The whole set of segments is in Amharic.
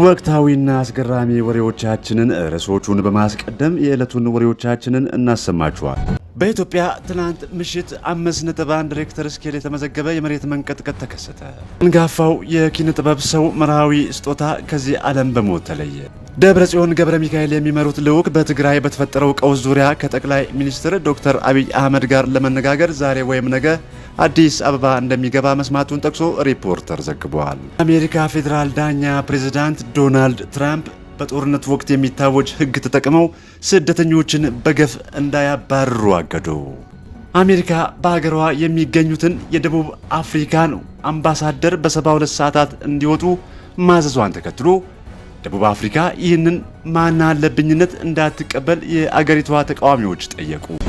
ወቅታዊና አስገራሚ ወሬዎቻችንን ርዕሶቹን በማስቀደም የዕለቱን ወሬዎቻችንን እናሰማችኋል። በኢትዮጵያ ትናንት ምሽት አንድ ሬክተር ስኬል የተመዘገበ የመሬት መንቀጥቀጥ ተከሰተ። አንጋፋው የኪነ ጥበብ ሰው መርሃዊ ስጦታ ከዚህ ዓለም በሞት ተለየ። ደብረ ጽዮን ገብረ ሚካኤል የሚመሩት ልዑክ በትግራይ በተፈጠረው ቀውስ ዙሪያ ከጠቅላይ ሚኒስትር ዶክተር አብይ አህመድ ጋር ለመነጋገር ዛሬ ወይም ነገ አዲስ አበባ እንደሚገባ መስማቱን ጠቅሶ ሪፖርተር ዘግቧል። አሜሪካ ፌዴራል ዳኛ ፕሬዚዳንት ዶናልድ ትራምፕ በጦርነት ወቅት የሚታወጅ ሕግ ተጠቅመው ስደተኞችን በገፍ እንዳያባርሩ አገዱ። አሜሪካ በሀገሯ የሚገኙትን የደቡብ አፍሪካን አምባሳደር በ72 ሰዓታት እንዲወጡ ማዘዟን ተከትሎ ደቡብ አፍሪካ ይህንን ማናለብኝነት እንዳትቀበል የአገሪቷ ተቃዋሚዎች ጠየቁ።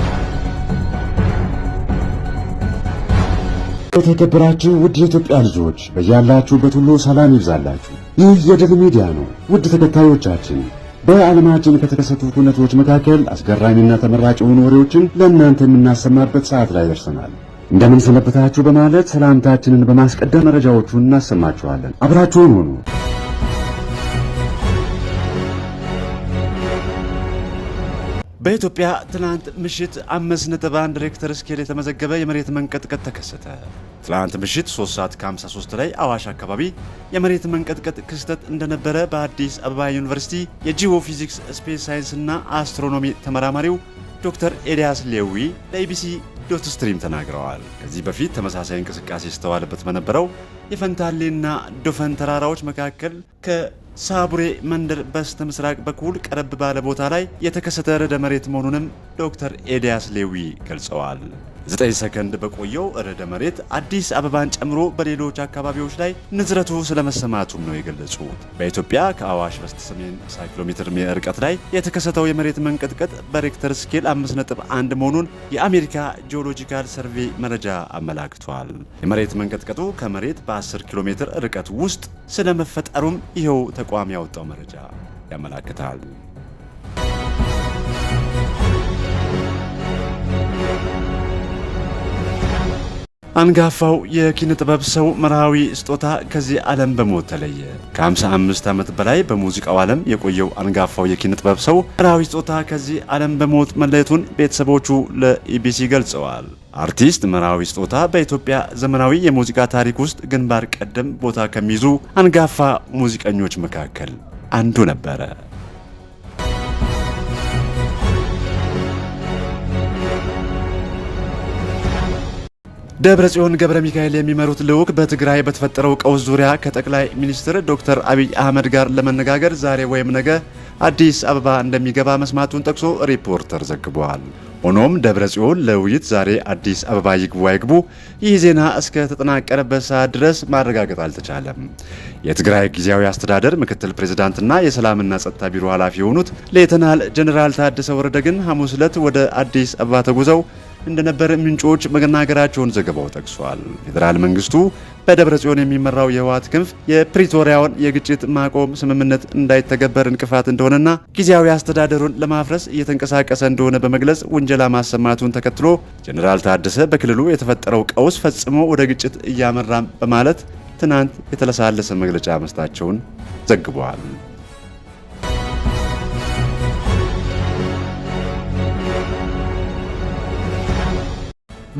የተከበራችሁ ውድ የኢትዮጵያ ልጆች በያላችሁበት ሁሉ ሰላም ይብዛላችሁ። ይህ የድል ሚዲያ ነው። ውድ ተከታዮቻችን በዓለማችን ከተከሰቱ ሁነቶች መካከል አስገራሚና ተመራጭ የሆኑ ወሬዎችን ለእናንተ የምናሰማበት ሰዓት ላይ ደርሰናል። እንደምን ሰነበታችሁ በማለት ሰላምታችንን በማስቀደም መረጃዎቹን እናሰማችኋለን። አብራችሁን ሆኑ? በኢትዮጵያ ትናንት ምሽት አምስት ነጥብ አንድ ሬክተር ስኬል የተመዘገበ የመሬት መንቀጥቀጥ ተከሰተ። ትናንት ምሽት 3 ሰዓት ከ53 ላይ አዋሽ አካባቢ የመሬት መንቀጥቀጥ ክስተት እንደነበረ በአዲስ አበባ ዩኒቨርሲቲ የጂኦ ፊዚክስ ስፔስ ሳይንስና አስትሮኖሚ ተመራማሪው ዶክተር ኤልያስ ሌዊ ለኢቢሲ ዶት ስትሪም ተናግረዋል። ከዚህ በፊት ተመሳሳይ እንቅስቃሴ ይስተዋልበት በነበረው የፈንታሌና ዶፈን ተራራዎች መካከል ከ ሳቡሬ መንደር በስተ ምስራቅ በኩል ቀረብ ባለ ቦታ ላይ የተከሰተ ርዕደ መሬት መሆኑንም ዶክተር ኤልያስ ሌዊ ገልጸዋል። ዘጠኝ ሰከንድ በቆየው ርዕደ መሬት አዲስ አበባን ጨምሮ በሌሎች አካባቢዎች ላይ ንዝረቱ ስለመሰማቱም ነው የገለጹት። በኢትዮጵያ ከአዋሽ በስተሰሜን 50 ኪሎ ሜትር ርቀት ላይ የተከሰተው የመሬት መንቀጥቀጥ በሬክተር ስኬል 5.1 መሆኑን የአሜሪካ ጂኦሎጂካል ሰርቬ መረጃ አመላክቷል። የመሬት መንቀጥቀጡ ከመሬት በ10 ኪሎ ሜትር ርቀት ውስጥ ስለመፈጠሩም ይኸው ተቋም ያወጣው መረጃ ያመላክታል። አንጋፋው የኪነ ጥበብ ሰው መርሃዊ ስጦታ ከዚህ ዓለም በሞት ተለየ። ከ55 ዓመት በላይ በሙዚቃው ዓለም የቆየው አንጋፋው የኪነ ጥበብ ሰው መርሃዊ ስጦታ ከዚህ ዓለም በሞት መለየቱን ቤተሰቦቹ ለኢቢሲ ገልጸዋል። አርቲስት መርሃዊ ስጦታ በኢትዮጵያ ዘመናዊ የሙዚቃ ታሪክ ውስጥ ግንባር ቀደም ቦታ ከሚይዙ አንጋፋ ሙዚቀኞች መካከል አንዱ ነበረ። ደብረ ጽዮን ገብረ ሚካኤል የሚመሩት ልዑክ በትግራይ በተፈጠረው ቀውስ ዙሪያ ከጠቅላይ ሚኒስትር ዶክተር አብይ አህመድ ጋር ለመነጋገር ዛሬ ወይም ነገ አዲስ አበባ እንደሚገባ መስማቱን ጠቅሶ ሪፖርተር ዘግቧል። ሆኖም ደብረ ጽዮን ለውይይት ዛሬ አዲስ አበባ ይግቡ አይግቡ ይህ ዜና እስከ ተጠናቀረበት ሰዓት ድረስ ማረጋገጥ አልተቻለም። የትግራይ ጊዜያዊ አስተዳደር ምክትል ፕሬዝዳንትና የሰላምና ጸጥታ ቢሮ ኃላፊ የሆኑት ሌተናል ጀኔራል ታደሰ ወረደ ግን ሐሙስ ዕለት ወደ አዲስ አበባ ተጉዘው እንደነበረ ምንጮች መናገራቸውን ዘገባው ጠቅሷል። ፌዴራል መንግስቱ በደብረ ጽዮን የሚመራው የህወሓት ክንፍ የፕሪቶሪያውን የግጭት ማቆም ስምምነት እንዳይተገበር እንቅፋት እንደሆነና ጊዜያዊ አስተዳደሩን ለማፍረስ እየተንቀሳቀሰ እንደሆነ በመግለጽ ውንጀላ ማሰማቱን ተከትሎ ጀኔራል ታደሰ በክልሉ የተፈጠረው ቀውስ ፈጽሞ ወደ ግጭት እያመራም በማለት ትናንት የተለሳለሰ መግለጫ መስጣቸውን ዘግቧል።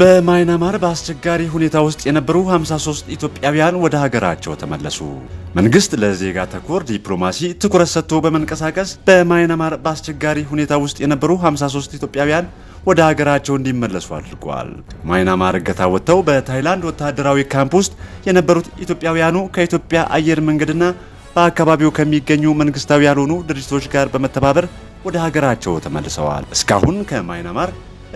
በማይናማር በአስቸጋሪ ሁኔታ ውስጥ የነበሩ 53 ኢትዮጵያውያን ወደ ሀገራቸው ተመለሱ። መንግስት ለዜጋ ተኮር ዲፕሎማሲ ትኩረት ሰጥቶ በመንቀሳቀስ በማይናማር በአስቸጋሪ ሁኔታ ውስጥ የነበሩ 53 ኢትዮጵያውያን ወደ ሀገራቸው እንዲመለሱ አድርጓል። ማይናማር እገታ ወጥተው በታይላንድ ወታደራዊ ካምፕ ውስጥ የነበሩት ኢትዮጵያውያኑ ከኢትዮጵያ አየር መንገድና በአካባቢው ከሚገኙ መንግስታዊ ያልሆኑ ድርጅቶች ጋር በመተባበር ወደ ሀገራቸው ተመልሰዋል። እስካሁን ከማይናማር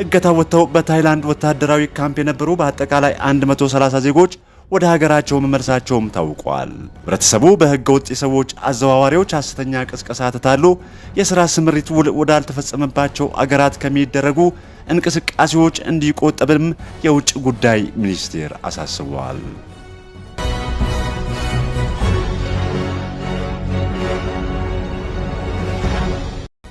እገታ ወጥተው በታይላንድ ወታደራዊ ካምፕ የነበሩ በአጠቃላይ 130 ዜጎች ወደ ሀገራቸው መመለሳቸውም ታውቋል። ህብረተሰቡ በህገ ወጥ የሰዎች አዘዋዋሪዎች ሐሰተኛ ቅስቀሳ ተታሉ የሥራ ስምሪት ውል ወዳልተፈጸመባቸው አገራት ከሚደረጉ እንቅስቃሴዎች እንዲቆጠብም የውጭ ጉዳይ ሚኒስቴር አሳስቧል።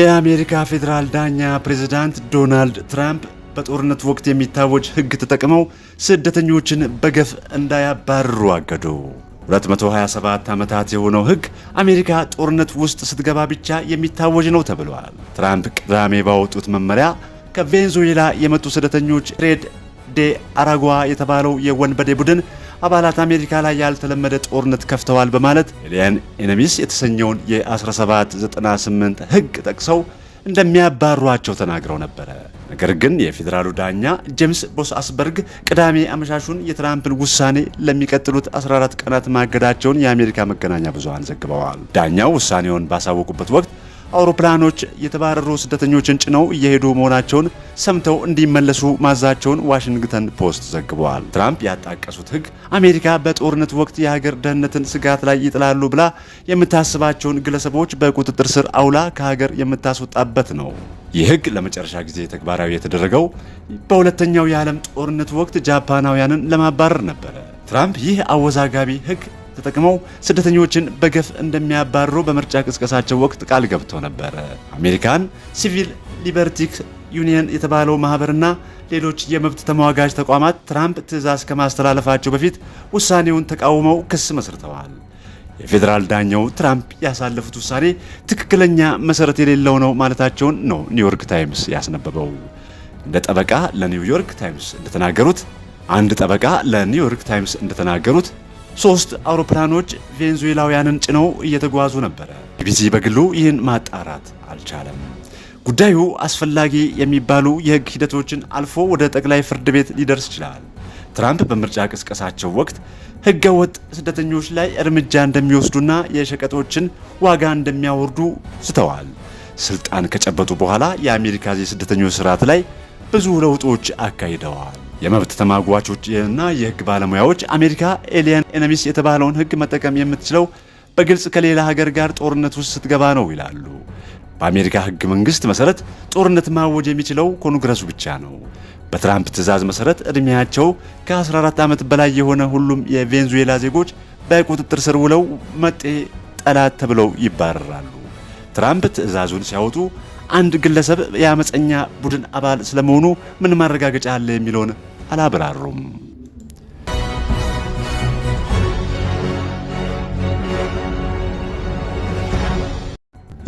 የአሜሪካ ፌዴራል ዳኛ ፕሬዝዳንት ዶናልድ ትራምፕ በጦርነት ወቅት የሚታወጅ ሕግ ተጠቅመው ስደተኞችን በገፍ እንዳያባርሩ አገዱ። 227 ዓመታት የሆነው ሕግ አሜሪካ ጦርነት ውስጥ ስትገባ ብቻ የሚታወጅ ነው ተብሏል። ትራምፕ ቅዳሜ ባወጡት መመሪያ ከቬንዙዌላ የመጡ ስደተኞች ሬድ ዴ አራጓ የተባለው የወንበዴ ቡድን አባላት አሜሪካ ላይ ያልተለመደ ጦርነት ከፍተዋል በማለት ኤሊያን ኤነሚስ የተሰኘውን የ1798 ህግ ጠቅሰው እንደሚያባሯቸው ተናግረው ነበረ። ነገር ግን የፌዴራሉ ዳኛ ጄምስ ቦስአስበርግ ቅዳሜ አመሻሹን የትራምፕን ውሳኔ ለሚቀጥሉት 14 ቀናት ማገዳቸውን የአሜሪካ መገናኛ ብዙሃን ዘግበዋል። ዳኛው ውሳኔውን ባሳወቁበት ወቅት አውሮፕላኖች የተባረሩ ስደተኞችን ጭነው እየሄዱ መሆናቸውን ሰምተው እንዲመለሱ ማዛቸውን ዋሽንግተን ፖስት ዘግበዋል። ትራምፕ ያጣቀሱት ሕግ አሜሪካ በጦርነት ወቅት የሀገር ደህንነትን ስጋት ላይ ይጥላሉ ብላ የምታስባቸውን ግለሰቦች በቁጥጥር ስር አውላ ከሀገር የምታስወጣበት ነው። ይህ ሕግ ለመጨረሻ ጊዜ ተግባራዊ የተደረገው በሁለተኛው የዓለም ጦርነት ወቅት ጃፓናውያንን ለማባረር ነበረ። ትራምፕ ይህ አወዛጋቢ ሕግ ተጠቅመው ስደተኞችን በገፍ እንደሚያባርሩ በምርጫ ቅስቀሳቸው ወቅት ቃል ገብተው ነበረ። አሜሪካን ሲቪል ሊበርቲክ ዩኒየን የተባለው ማህበርና ሌሎች የመብት ተሟጋጅ ተቋማት ትራምፕ ትዕዛዝ ከማስተላለፋቸው በፊት ውሳኔውን ተቃውመው ክስ መስርተዋል። የፌዴራል ዳኛው ትራምፕ ያሳለፉት ውሳኔ ትክክለኛ መሰረት የሌለው ነው ማለታቸውን ነው ኒውዮርክ ታይምስ ያስነበበው። እንደ ጠበቃ ለኒውዮርክ ታይምስ እንደተናገሩት አንድ ጠበቃ ለኒውዮርክ ታይምስ እንደተናገሩት ሶስት አውሮፕላኖች ቬንዙዌላውያንን ጭነው እየተጓዙ ነበረ። ቢቢሲ በግሉ ይህን ማጣራት አልቻለም። ጉዳዩ አስፈላጊ የሚባሉ የሕግ ሂደቶችን አልፎ ወደ ጠቅላይ ፍርድ ቤት ሊደርስ ይችላል። ትራምፕ በምርጫ ቅስቀሳቸው ወቅት ሕገወጥ ስደተኞች ላይ እርምጃ እንደሚወስዱና የሸቀጦችን ዋጋ እንደሚያወርዱ ስተዋል። ስልጣን ከጨበጡ በኋላ የአሜሪካ የስደተኞች ስርዓት ላይ ብዙ ለውጦች አካሂደዋል። የመብት ተማጓቾች እና የህግ ባለሙያዎች አሜሪካ ኤሊየን ኤነሚስ የተባለውን ህግ መጠቀም የምትችለው በግልጽ ከሌላ ሀገር ጋር ጦርነት ውስጥ ስትገባ ነው ይላሉ። በአሜሪካ ህገ መንግስት መሰረት ጦርነት ማወጅ የሚችለው ኮንግረሱ ብቻ ነው። በትራምፕ ትዕዛዝ መሰረት እድሜያቸው ከ14 ዓመት በላይ የሆነ ሁሉም የቬንዙዌላ ዜጎች በቁጥጥር ስር ውለው መጤ ጠላት ተብለው ይባረራሉ። ትራምፕ ትዕዛዙን ሲያወጡ አንድ ግለሰብ የአመፀኛ ቡድን አባል ስለመሆኑ ምን ማረጋገጫ አለ የሚለውን አላብራሩም።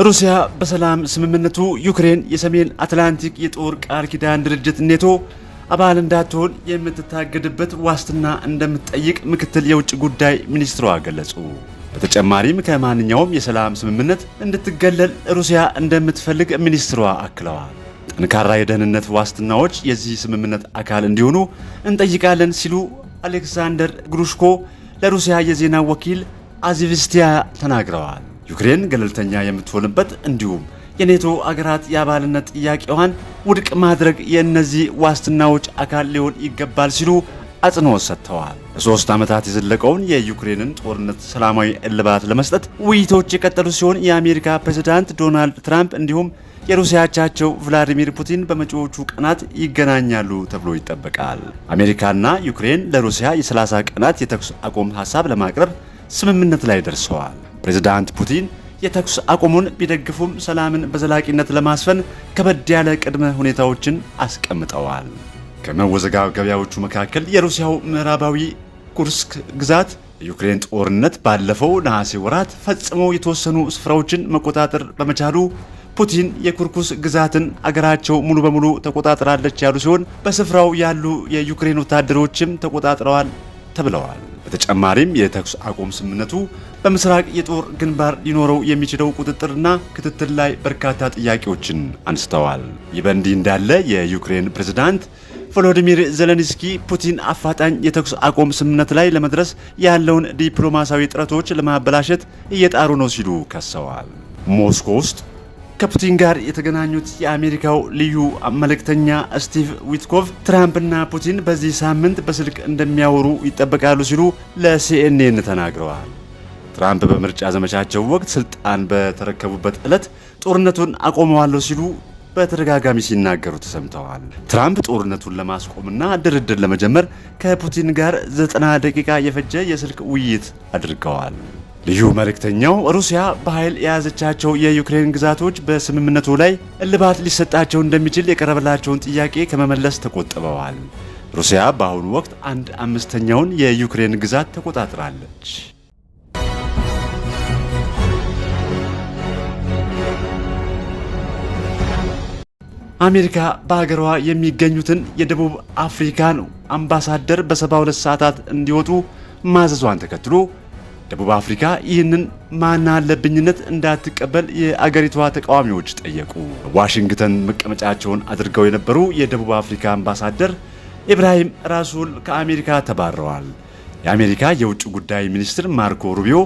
ሩሲያ በሰላም ስምምነቱ ዩክሬን የሰሜን አትላንቲክ የጦር ቃል ኪዳን ድርጅት ኔቶ አባል እንዳትሆን የምትታገድበት ዋስትና እንደምትጠይቅ ምክትል የውጭ ጉዳይ ሚኒስትሯ ገለጹ። በተጨማሪም ከማንኛውም የሰላም ስምምነት እንድትገለል ሩሲያ እንደምትፈልግ ሚኒስትሯ አክለዋል። ጠንካራ የደህንነት ዋስትናዎች የዚህ ስምምነት አካል እንዲሆኑ እንጠይቃለን ሲሉ አሌክሳንደር ግሩሽኮ ለሩሲያ የዜና ወኪል አዚቪስቲያ ተናግረዋል። ዩክሬን ገለልተኛ የምትሆንበት እንዲሁም የኔቶ አገራት የአባልነት ጥያቄዋን ውድቅ ማድረግ የእነዚህ ዋስትናዎች አካል ሊሆን ይገባል ሲሉ አጽንኦት ሰጥተዋል። ለሶስት ዓመታት የዘለቀውን የዩክሬንን ጦርነት ሰላማዊ እልባት ለመስጠት ውይይቶች የቀጠሉ ሲሆን የአሜሪካ ፕሬዝዳንት ዶናልድ ትራምፕ እንዲሁም የሩሲያቻቸው ቭላዲሚር ፑቲን በመጪዎቹ ቀናት ይገናኛሉ ተብሎ ይጠበቃል። አሜሪካና ዩክሬን ለሩሲያ የ30 ቀናት የተኩስ አቁም ሀሳብ ለማቅረብ ስምምነት ላይ ደርሰዋል። ፕሬዝዳንት ፑቲን የተኩስ አቁሙን ቢደግፉም ሰላምን በዘላቂነት ለማስፈን ከበድ ያለ ቅድመ ሁኔታዎችን አስቀምጠዋል። ከመወዘጋገቢያዎቹ መካከል የሩሲያው ምዕራባዊ ኩርስክ ግዛት የዩክሬን ጦርነት ባለፈው ነሐሴ ወራት ፈጽሞ የተወሰኑ ስፍራዎችን መቆጣጠር በመቻሉ ፑቲን የኩርኩስ ግዛትን አገራቸው ሙሉ በሙሉ ተቆጣጥራለች ያሉ ሲሆን በስፍራው ያሉ የዩክሬን ወታደሮችም ተቆጣጥረዋል ተብለዋል። በተጨማሪም የተኩስ አቁም ስምምነቱ በምስራቅ የጦር ግንባር ሊኖረው የሚችለው ቁጥጥርና ክትትል ላይ በርካታ ጥያቄዎችን አንስተዋል። ይህ በእንዲህ እንዳለ የዩክሬን ፕሬዝዳንት ቮሎዲሚር ዜሌንስኪ ፑቲን አፋጣኝ የተኩስ አቆም ስምምነት ላይ ለመድረስ ያለውን ዲፕሎማሲያዊ ጥረቶች ለማበላሸት እየጣሩ ነው ሲሉ ከሰዋል። ሞስኮ ውስጥ ከፑቲን ጋር የተገናኙት የአሜሪካው ልዩ መልእክተኛ ስቲቭ ዊትኮቭ ትራምፕና ፑቲን በዚህ ሳምንት በስልክ እንደሚያወሩ ይጠበቃሉ ሲሉ ለሲኤንኤን ተናግረዋል። ትራምፕ በምርጫ ዘመቻቸው ወቅት ስልጣን በተረከቡበት ዕለት ጦርነቱን አቆመዋለሁ ሲሉ በተደጋጋሚ ሲናገሩ ተሰምተዋል። ትራምፕ ጦርነቱን ለማስቆምና ድርድር ለመጀመር ከፑቲን ጋር ዘጠና ደቂቃ የፈጀ የስልክ ውይይት አድርገዋል። ልዩ መልእክተኛው ሩሲያ በኃይል የያዘቻቸው የዩክሬን ግዛቶች በስምምነቱ ላይ እልባት ሊሰጣቸው እንደሚችል የቀረበላቸውን ጥያቄ ከመመለስ ተቆጥበዋል። ሩሲያ በአሁኑ ወቅት አንድ አምስተኛውን የዩክሬን ግዛት ተቆጣጥራለች። አሜሪካ በሀገሯ የሚገኙትን የደቡብ አፍሪካን አምባሳደር በ72 ሰዓታት እንዲወጡ ማዘዟን ተከትሎ ደቡብ አፍሪካ ይህንን ማን አለብኝነት እንዳትቀበል የአገሪቷ ተቃዋሚዎች ጠየቁ። ዋሽንግተን መቀመጫቸውን አድርገው የነበሩ የደቡብ አፍሪካ አምባሳደር ኢብራሂም ራሱል ከአሜሪካ ተባረዋል። የአሜሪካ የውጭ ጉዳይ ሚኒስትር ማርኮ ሩቢዮ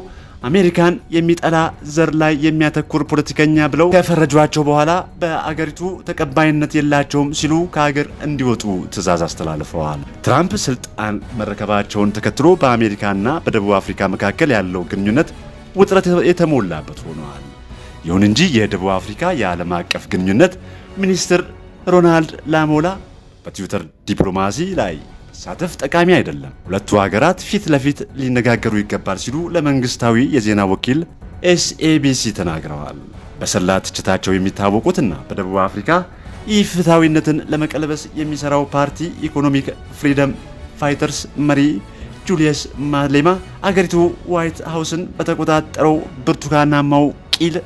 አሜሪካን የሚጠላ ዘር ላይ የሚያተኩር ፖለቲከኛ ብለው ከፈረጇቸው በኋላ በአገሪቱ ተቀባይነት የላቸውም ሲሉ ከሀገር እንዲወጡ ትዕዛዝ አስተላልፈዋል። ትራምፕ ስልጣን መረከባቸውን ተከትሎ በአሜሪካና በደቡብ አፍሪካ መካከል ያለው ግንኙነት ውጥረት የተሞላበት ሆኗል። ይሁን እንጂ የደቡብ አፍሪካ የዓለም አቀፍ ግንኙነት ሚኒስትር ሮናልድ ላሞላ በትዊተር ዲፕሎማሲ ላይ መሳተፍ ጠቃሚ አይደለም፣ ሁለቱ ሀገራት ፊት ለፊት ሊነጋገሩ ይገባል ሲሉ ለመንግስታዊ የዜና ወኪል ኤስኤቢሲ ተናግረዋል። በሰላ ትችታቸው የሚታወቁትና በደቡብ አፍሪካ ኢፍትሐዊነትን ለመቀልበስ የሚሰራው ፓርቲ ኢኮኖሚክ ፍሪደም ፋይተርስ መሪ ጁልየስ ማሌማ አገሪቱ ዋይት ሀውስን በተቆጣጠረው ብርቱካናማው ቂል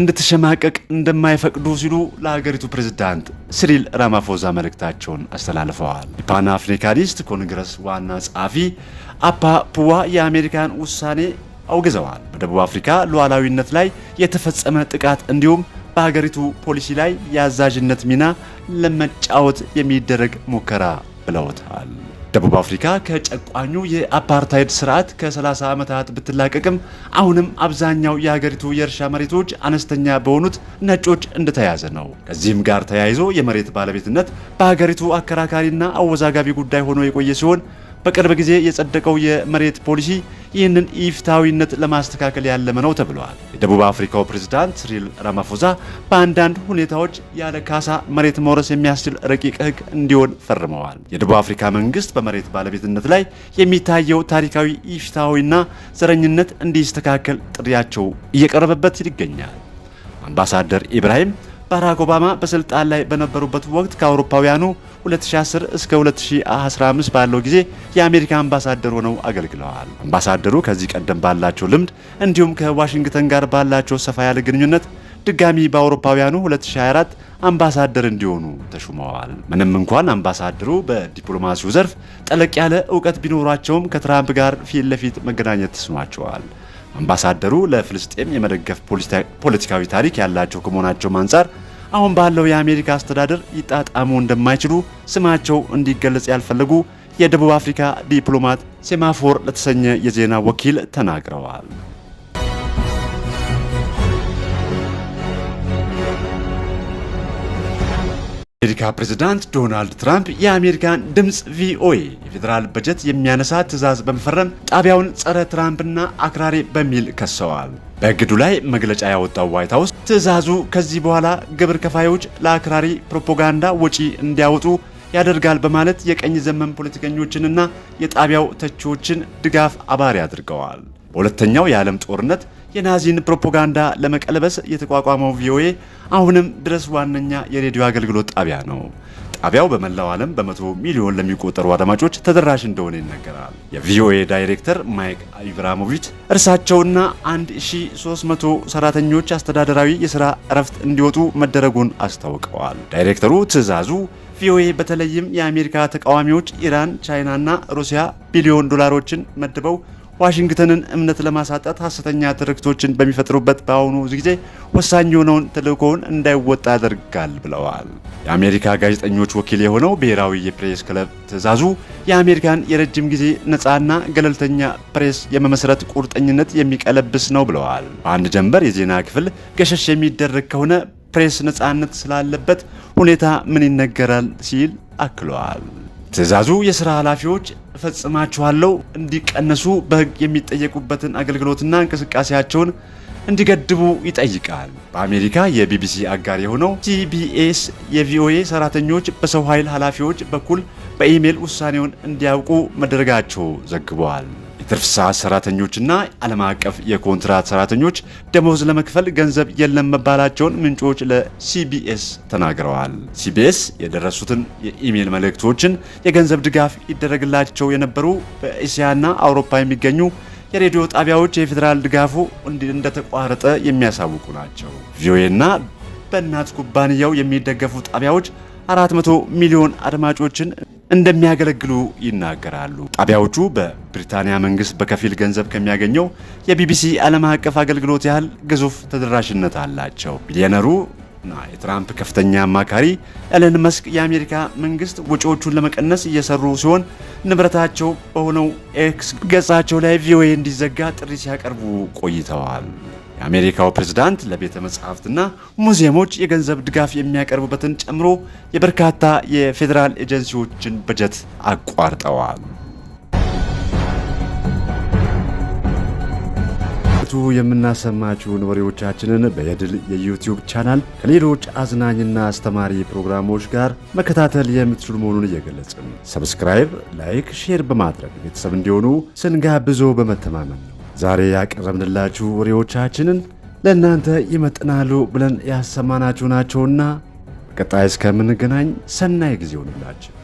እንድትሸማቀቅ እንደማይፈቅዱ ሲሉ ለሀገሪቱ ፕሬዝዳንት ሲሪል ራማፎዛ መልእክታቸውን አስተላልፈዋል። የፓን አፍሪካኒስት ኮንግረስ ዋና ጸሐፊ አፓ ፑዋ የአሜሪካን ውሳኔ አውግዘዋል። በደቡብ አፍሪካ ሉዓላዊነት ላይ የተፈጸመ ጥቃት እንዲሁም በሀገሪቱ ፖሊሲ ላይ የአዛዥነት ሚና ለመጫወት የሚደረግ ሙከራ ብለውታል። ደቡብ አፍሪካ ከጨቋኙ የአፓርታይድ ስርዓት ከ30 ዓመታት ብትላቀቅም አሁንም አብዛኛው የሀገሪቱ የእርሻ መሬቶች አነስተኛ በሆኑት ነጮች እንደተያዘ ነው። ከዚህም ጋር ተያይዞ የመሬት ባለቤትነት በሀገሪቱ አከራካሪና አወዛጋቢ ጉዳይ ሆኖ የቆየ ሲሆን በቅርብ ጊዜ የጸደቀው የመሬት ፖሊሲ ይህንን ኢፍትሐዊነት ለማስተካከል ያለመ ነው ተብለዋል። የደቡብ አፍሪካው ፕሬዝዳንት ሲሪል ራማፎዛ በአንዳንድ ሁኔታዎች ያለ ካሳ መሬት መውረስ የሚያስችል ረቂቅ ሕግ እንዲሆን ፈርመዋል። የደቡብ አፍሪካ መንግስት በመሬት ባለቤትነት ላይ የሚታየው ታሪካዊ ኢፍትሐዊና ዘረኝነት እንዲስተካከል ጥሪያቸው እየቀረበበት ይገኛል። አምባሳደር ኢብራሂም ባራክ ኦባማ በስልጣን ላይ በነበሩበት ወቅት ከአውሮፓውያኑ 2010 እስከ 2015 ባለው ጊዜ የአሜሪካ አምባሳደር ሆነው አገልግለዋል። አምባሳደሩ ከዚህ ቀደም ባላቸው ልምድ እንዲሁም ከዋሽንግተን ጋር ባላቸው ሰፋ ያለ ግንኙነት ድጋሚ በአውሮፓውያኑ 2024 አምባሳደር እንዲሆኑ ተሹመዋል። ምንም እንኳን አምባሳደሩ በዲፕሎማሲው ዘርፍ ጠለቅ ያለ እውቀት ቢኖራቸውም ከትራምፕ ጋር ፊት ለፊት መገናኘት ተስኗቸዋል። አምባሳደሩ ለፍልስጤም የመደገፍ ፖለቲካዊ ታሪክ ያላቸው ከመሆናቸውም አንጻር አሁን ባለው የአሜሪካ አስተዳደር ይጣጣሙ እንደማይችሉ ስማቸው እንዲገለጽ ያልፈለጉ የደቡብ አፍሪካ ዲፕሎማት ሴማፎር ለተሰኘ የዜና ወኪል ተናግረዋል። የአሜሪካ ፕሬዝዳንት ዶናልድ ትራምፕ የአሜሪካን ድምፅ ቪኦኤ የፌዴራል በጀት የሚያነሳ ትዕዛዝ በመፈረም ጣቢያውን ጸረ ትራምፕና አክራሪ በሚል ከሰዋል። በእግዱ ላይ መግለጫ ያወጣው ዋይት ሀውስ ትዕዛዙ ከዚህ በኋላ ግብር ከፋዮች ለአክራሪ ፕሮፓጋንዳ ወጪ እንዲያወጡ ያደርጋል በማለት የቀኝ ዘመን ፖለቲከኞችንና የጣቢያው ተቺዎችን ድጋፍ አባሪ አድርገዋል። በሁለተኛው የዓለም ጦርነት የናዚን ፕሮፓጋንዳ ለመቀልበስ የተቋቋመው ቪኦኤ አሁንም ድረስ ዋነኛ የሬዲዮ አገልግሎት ጣቢያ ነው። ጣቢያው በመላው ዓለም በመቶ ሚሊዮን ለሚቆጠሩ አድማጮች ተደራሽ እንደሆነ ይነገራል። የቪኦኤ ዳይሬክተር ማይክ ኢብራሞቪች እርሳቸውና 1300 ሰራተኞች አስተዳደራዊ የሥራ እረፍት እንዲወጡ መደረጉን አስታውቀዋል። ዳይሬክተሩ ትዕዛዙ ቪኦኤ በተለይም የአሜሪካ ተቃዋሚዎች ኢራን፣ ቻይናና ሩሲያ ቢሊዮን ዶላሮችን መድበው ዋሽንግተንን እምነት ለማሳጣት ሀሰተኛ ትርክቶችን በሚፈጥሩበት በአሁኑ ጊዜ ወሳኝ የሆነውን ተልእኮውን እንዳይወጣ ያደርጋል ብለዋል። የአሜሪካ ጋዜጠኞች ወኪል የሆነው ብሔራዊ የፕሬስ ክለብ ትዕዛዙ የአሜሪካን የረጅም ጊዜ ነፃና ገለልተኛ ፕሬስ የመመስረት ቁርጠኝነት የሚቀለብስ ነው ብለዋል። በአንድ ጀንበር የዜና ክፍል ገሸሽ የሚደረግ ከሆነ ፕሬስ ነፃነት ስላለበት ሁኔታ ምን ይነገራል ሲል አክለዋል። ትዕዛዙ የሥራ ኃላፊዎች እፈጽማችኋለሁ እንዲቀንሱ በሕግ የሚጠየቁበትን አገልግሎትና እንቅስቃሴያቸውን እንዲገድቡ ይጠይቃል። በአሜሪካ የቢቢሲ አጋር የሆነው ሲቢኤስ የቪኦኤ ሰራተኞች በሰው ኃይል ኃላፊዎች በኩል በኢሜይል ውሳኔውን እንዲያውቁ መደረጋቸው ዘግቧል። የትርፍ ሰዓት ሰራተኞችና ዓለም አቀፍ የኮንትራት ሰራተኞች ደመወዝ ለመክፈል ገንዘብ የለም መባላቸውን ምንጮች ለሲቢኤስ ተናግረዋል። ሲቢኤስ የደረሱትን የኢሜይል መልእክቶችን የገንዘብ ድጋፍ ይደረግላቸው የነበሩ በእስያና አውሮፓ የሚገኙ የሬዲዮ ጣቢያዎች የፌዴራል ድጋፉ እንደተቋረጠ የሚያሳውቁ ናቸው። ቪኦኤና በእናት ኩባንያው የሚደገፉ ጣቢያዎች 400 ሚሊዮን አድማጮችን እንደሚያገለግሉ ይናገራሉ። ጣቢያዎቹ በብሪታንያ መንግስት በከፊል ገንዘብ ከሚያገኘው የቢቢሲ ዓለም አቀፍ አገልግሎት ያህል ግዙፍ ተደራሽነት አላቸው። ሚሊዮነሩ እና የትራምፕ ከፍተኛ አማካሪ ኤለን መስክ የአሜሪካ መንግስት ወጪዎቹን ለመቀነስ እየሰሩ ሲሆን ንብረታቸው በሆነው ኤክስ ገጻቸው ላይ ቪኦኤ እንዲዘጋ ጥሪ ሲያቀርቡ ቆይተዋል። የአሜሪካው ፕሬዝዳንት ለቤተ መጻሕፍትና ሙዚየሞች የገንዘብ ድጋፍ የሚያቀርቡበትን ጨምሮ የበርካታ የፌዴራል ኤጀንሲዎችን በጀት አቋርጠዋል። ቱ የምናሰማችሁን ወሬዎቻችንን በየድል የዩቲዩብ ቻናል ከሌሎች አዝናኝና አስተማሪ ፕሮግራሞች ጋር መከታተል የምትችሉ መሆኑን እየገለጽን ሰብስክራይብ፣ ላይክ፣ ሼር በማድረግ ቤተሰብ እንዲሆኑ ስንጋብዞ በመተማመን ዛሬ ያቀረብንላችሁ ወሬዎቻችንን ለእናንተ ይመጥናሉ ብለን ያሰማናችሁ ናቸውና በቀጣይ እስከምንገናኝ ሰናይ ጊዜ ሆንላችሁ።